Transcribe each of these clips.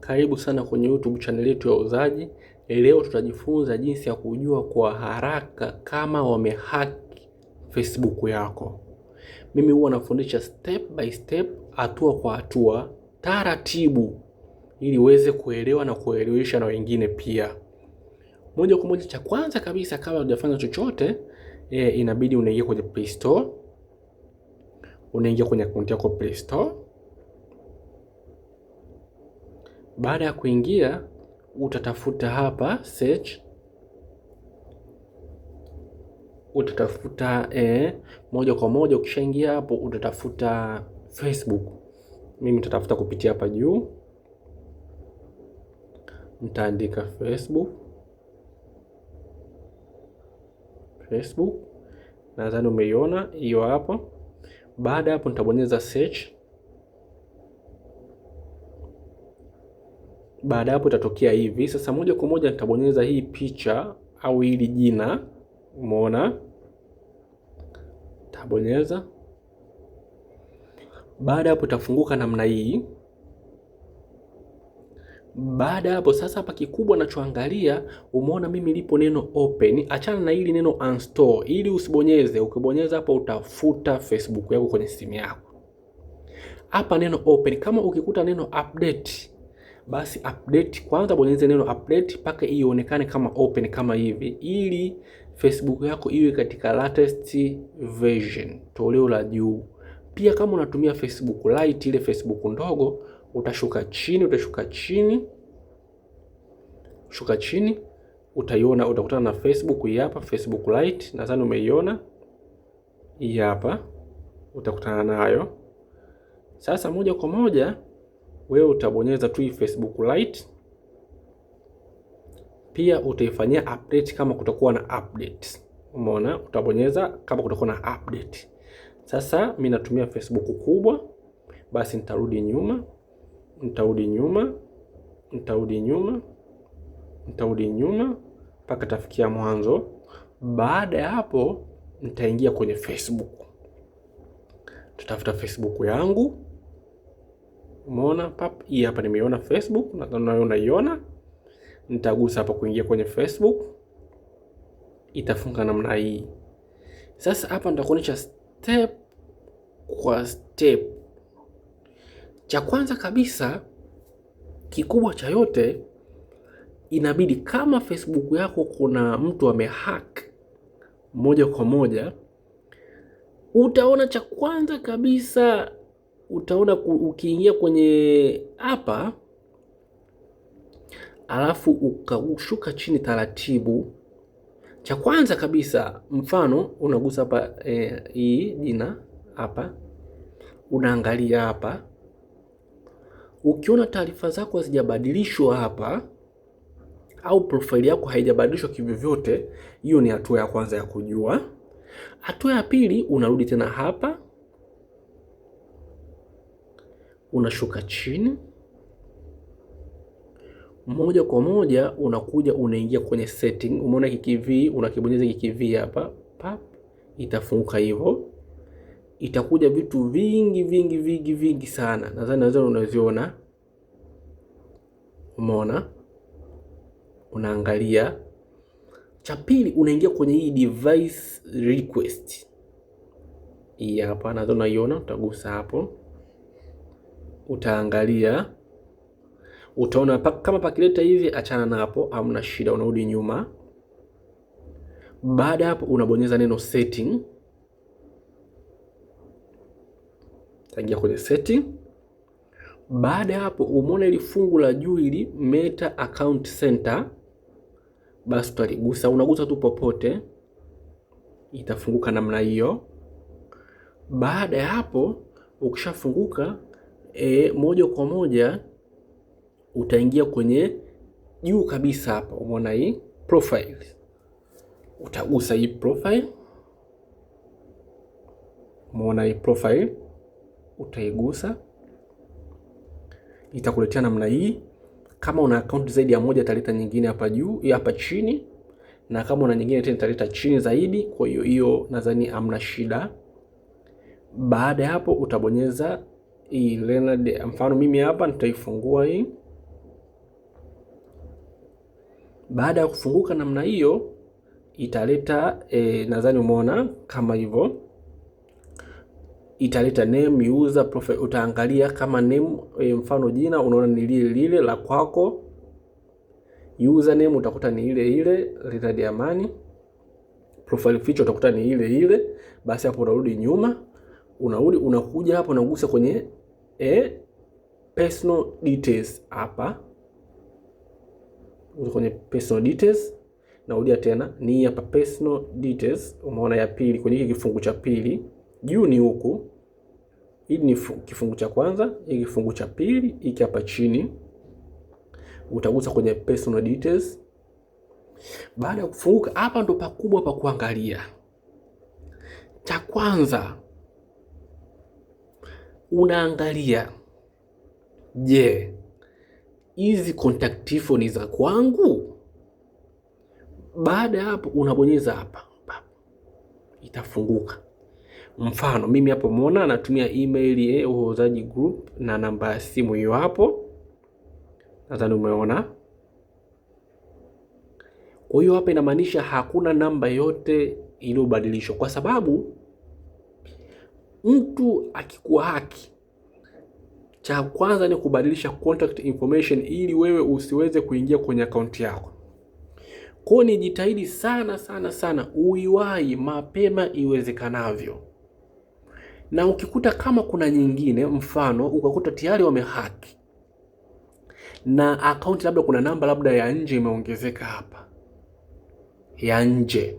Karibu sana kwenye YouTube channel yetu ya Wauzaji. Leo tutajifunza jinsi ya kujua kwa haraka kama wamehaki Facebook yako. Mimi huwa nafundisha step by step, hatua kwa hatua, taratibu, ili uweze kuelewa na kuelewesha na wengine pia. Moja kwa moja, cha kwanza kabisa, kabla hujafanya chochote e, inabidi unaingia kwenye Play Store, unaingia kwenye akaunti yako Play Store Baada ya kuingia, utatafuta hapa search, utatafuta eh, moja kwa moja. Ukishaingia hapo, utatafuta Facebook. Mimi nitatafuta kupitia hapa juu, nitaandika Facebook Facebook, nadhani umeiona hiyo hapo. Baada hapo nitabonyeza search Baada hapo itatokea hivi. Sasa moja kwa moja nitabonyeza hii picha au hili jina, umeona, tabonyeza. Baada hapo itafunguka namna hii. Baada hapo sasa, hapa kikubwa nachoangalia, umeona mimi lipo neno open. Achana na hili neno uninstall, ili usibonyeze. Ukibonyeza hapo utafuta Facebook yako kwenye simu yako. Hapa neno open, kama ukikuta neno update basi update kwanza, bonyeza neno update mpaka ionekane kama open kama hivi, ili Facebook yako iwe katika latest version, toleo la juu. Pia kama unatumia Facebook Lite, ile Facebook ndogo, utashuka chini, utashuka chini, shuka chini, utaiona, utakutana na Facebook hii hapa, Facebook Lite, nadhani umeiona hii hapa, utakutana nayo sasa moja kwa moja wewe utabonyeza tu Facebook Lite, pia utaifanyia update kama kutakuwa na update. Umeona, utabonyeza kama kutakuwa na update. Sasa mimi natumia Facebook kubwa, basi nitarudi nyuma, nitarudi nyuma, nitarudi nyuma, nitarudi nyuma mpaka tafikia mwanzo. Baada ya hapo, nitaingia kwenye Facebook, tutafuta Facebook yangu Umeona pap, hii hapa nimeona Facebook, nadhani unaiona. Nitagusa hapa kuingia kwenye Facebook, itafunga namna hii. Sasa hapa nitakuonyesha step kwa step. Cha kwanza kabisa kikubwa cha yote, inabidi kama Facebook yako kuna mtu amehack moja kwa moja, utaona cha kwanza kabisa utaona ukiingia kwenye hapa alafu ukashuka chini taratibu, cha kwanza kabisa, mfano unagusa hapa e, hii jina hapa, unaangalia hapa, ukiona taarifa zako hazijabadilishwa hapa au profaili yako haijabadilishwa kivyovyote, hiyo ni hatua ya kwanza ya kujua. Hatua ya pili, unarudi tena hapa unashuka chini moja kwa moja, unakuja unaingia kwenye setting. Umeona kikivi, unakibonyeza kikivi hapa, pap, itafunguka hivyo. Itakuja vitu vingi vingi vingi vingi sana, nadhani naweza unaziona. Umeona, unaangalia. Cha pili, unaingia kwenye hii device request hii hapa, nadhani unaiona, utagusa hapo utaangalia utaona kama pakileta hivi, achana na hapo, hamna shida, unarudi nyuma. Baada hapo unabonyeza neno setting, taingia kwenye setting. Baada hapo umeona ile fungu la juu ili Meta Account Center, basi utaligusa, unagusa tu popote, itafunguka namna hiyo. Baada ya hapo ukishafunguka e, moja kwa moja utaingia kwenye juu kabisa hapa, umeona hii profile, utagusa hii profile, umeona hii profile utaigusa, itakuletea namna hii. Kama una akaunti zaidi ya moja italeta nyingine hapa juu, hapa chini, na kama una nyingine tena italeta chini zaidi. Kwa hiyo hiyo nadhani amna shida. Baada ya hapo utabonyeza hii Leonard, mfano mimi hapa nitaifungua hii. Baada ya kufunguka namna hiyo italeta e, nadhani umeona kama hivyo, italeta name, user profile. Utaangalia kama name e, mfano jina unaona ni lile lile la kwako, username utakuta ni ile ile Leonard Amani, profile picture utakuta ni ile ile. Basi hapo unarudi nyuma, unarudi unakuja hapo unagusa kwenye e, personal details hapa kwenye personal details. Narudia tena ni hapa personal details, umeona ya pili kwenye hiki kifungu cha pili juu ni huku, hili ni kifungu cha kwanza, hiki kifungu cha pili, hiki hapa chini utagusa kwenye personal details. Baada ya kufunguka hapa, ndo pakubwa pa kuangalia. Cha kwanza unaangalia, je, hizi contact info ni za kwangu? Baada ya hapo unabonyeza hapa, itafunguka. Mfano mimi hapo mona natumia email ya Uhozaji Group na namba ya simu hiyo hapo, nadhani umeona. Kwa hiyo hapa inamaanisha hakuna namba yote iliyobadilishwa kwa sababu mtu akikuwa haki, cha kwanza ni kubadilisha contact information ili wewe usiweze kuingia kwenye akaunti yako. Kwa ni jitahidi sana sana sana uiwai mapema iwezekanavyo, na ukikuta kama kuna nyingine, mfano ukakuta tayari wamehaki na akaunti, labda kuna namba labda ya nje imeongezeka hapa ya nje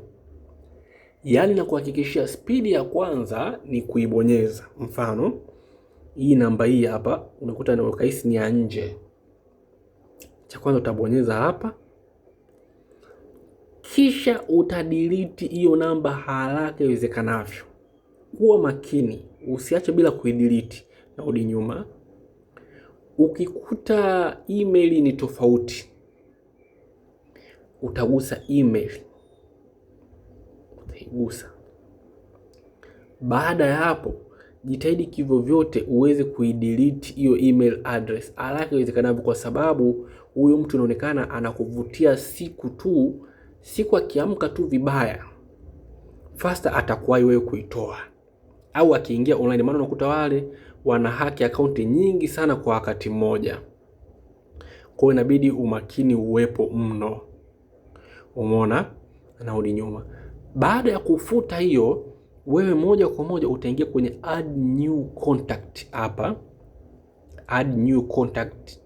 yaani na kuhakikishia spidi ya kwanza ni kuibonyeza. Mfano hii namba hii hapa, unakuta ni ukahisi ni ya nje, cha kwanza utabonyeza hapa, kisha utadiliti hiyo namba haraka iwezekanavyo. Kuwa makini, usiache bila kuidiliti na udi nyuma. Ukikuta email ni tofauti, utagusa email kuigusa. Baada ya hapo, jitahidi kivyo vyote uweze kuidelete hiyo email address haraka iwezekanavyo, kwa sababu huyu mtu inaonekana anakuvutia siku tu, siku akiamka tu vibaya fasta atakuwai wewe kuitoa au akiingia online, maana unakuta wale wana haki akaunti nyingi sana kwa wakati mmoja. Kwa hiyo inabidi umakini uwepo mno. Umeona, anarudi nyuma. Baada ya kufuta hiyo, wewe moja kwa moja utaingia kwenye add new contact hapa, add new contact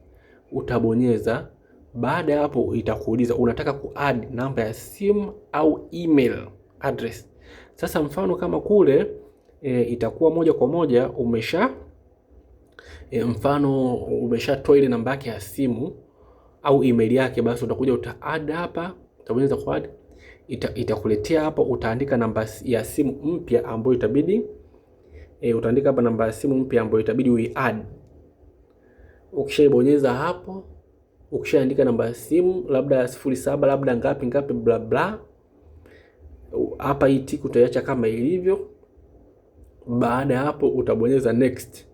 utabonyeza. Baada ya hapo, itakuuliza unataka add namba ya simu au email address. Sasa mfano kama kule e, itakuwa moja kwa moja umesha e, mfano umeshatoa ile namba yake ya simu au email yake, basi utakuja uta add hapa, utabonyeza ku add ita, itakuletea hapa, utaandika namba ya simu mpya ambayo itabidi e, utaandika hapa namba ya simu mpya ambayo itabidi add. Ukishaibonyeza hapo, ukishaandika namba ya simu labda sifuri saba labda ngapi ngapi bla bla, hapa hii tiki utaiacha kama ilivyo. Baada ya hapo, utabonyeza next,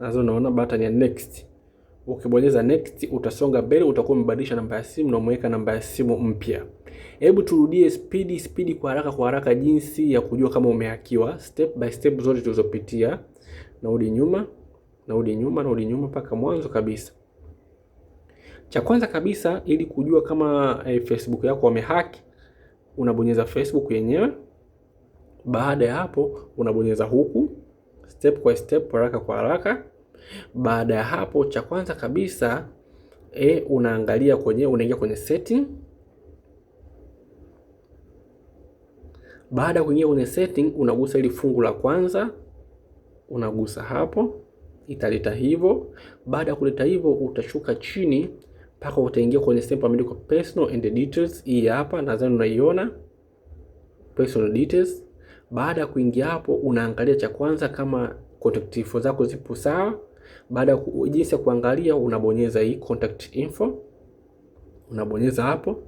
nazo unaona button ya next Ukibonyeza next utasonga mbele, utakuwa umebadilisha namba ya simu na umeweka namba ya simu mpya. Hebu turudie spidi spidi, kwa haraka kwa haraka, jinsi ya kujua kama umehakiwa, step by step zote tulizopitia. Narudi nyuma, narudi nyuma, narudi nyuma mpaka mwanzo kabisa. Cha kwanza kabisa, ili kujua kama eh, Facebook yako wamehack, unabonyeza Facebook yenyewe. Baada ya hapo, unabonyeza huku, step kwa step, haraka kwa haraka baada ya hapo, cha kwanza kabisa e, unaangalia kwenye, unaingia kwenye setting. Baada ya kuingia kwenye setting, unagusa ili fungu la kwanza, unagusa hapo, italeta hivyo. Baada ya kuleta hivyo, utashuka chini mpaka utaingia kwenye sehemu imeandikwa personal and details. Hii hapa nadhani unaiona personal details. Baada ya kuingia hapo, unaangalia cha kwanza kama contact info zako zipo sawa baada ya jinsi ya kuangalia, unabonyeza hii contact info, unabonyeza hapo.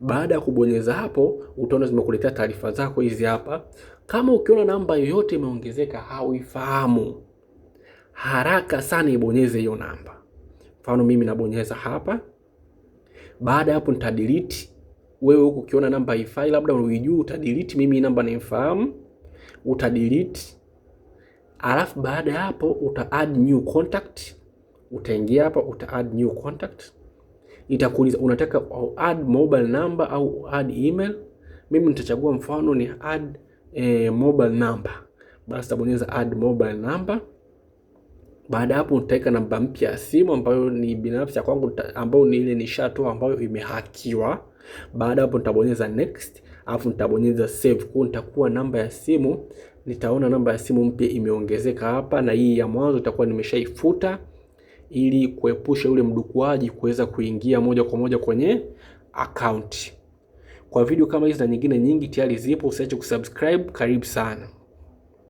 Baada ya kubonyeza hapo, utaona zimekuletea taarifa zako hizi hapa. Kama ukiona namba yoyote imeongezeka hauifahamu, haraka sana ibonyeze hiyo namba. Mfano mimi nabonyeza hapa, baada ya hapo nitadelete. Wewe huko ukiona namba ifai, labda uijui, utadelete. Mimi namba naifahamu, utadelete alafu baada ya hapo uta add new contact, utaingia hapa uta add new contact, itakuuliza unataka add mobile number au add email. Mimi nitachagua mfano ni add e, mobile number, basi tabonyeza add mobile number. Baada hapo utaweka namba mpya ya simu ambayo ni binafsi ya kwangu, ambayo ni ile nishatoa ambayo imehakiwa. Baada hapo nitabonyeza next, alafu nitabonyeza save. Kwa nitakuwa namba ya simu nitaona namba ya simu mpya imeongezeka hapa, na hii ya mwanzo itakuwa nimeshaifuta ili kuepusha yule mdukuaji kuweza kuingia moja kwa moja kwenye akaunti. Kwa video kama hizi na nyingine nyingi tayari zipo, usiache kusubscribe. Karibu sana.